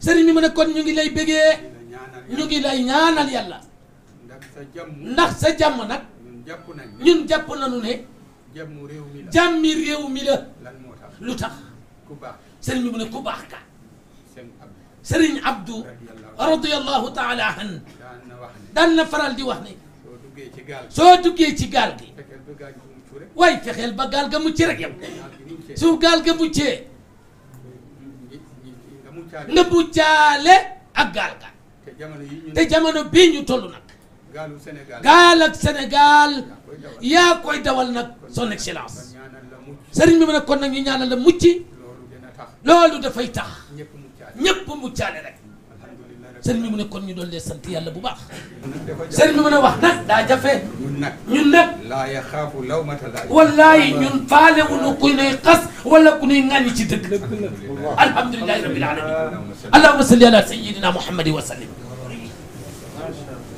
sëriñ mi mu ne kon ñu ngi lay bégee ñu ngi lay ñaanal yàlla ndax sa jàmm nag ñun jàpp nañu ne jàmmi réew mi la lu tax mi bi mu ne ku baax ka sëriñ Abdou radiyallahu taala an daan na faral di wax ne soo duggee ci gaal gi waaye fexeel ba gaal ga mucc rek yow su gaal ga muccee nëbbu jaale ak gaal gaal te jamono bii ñu toll nag gaal ak Sénégal yaa koy dawal nag son excellence sëriñ bi mu ne kon nag ñu ñaanal la mucc loolu dafay tax ñëpp muccaale rek سلمي من كون يدول لي سنت يالا بو باخ سلمي من واخ نك دا جافه نون نك لا يخاف لو مت لا والله نون فال و نكو ني قص ولا كو ني غاني سي دك الحمد لله رب العالمين اللهم صل على سيدنا محمد وسلم ما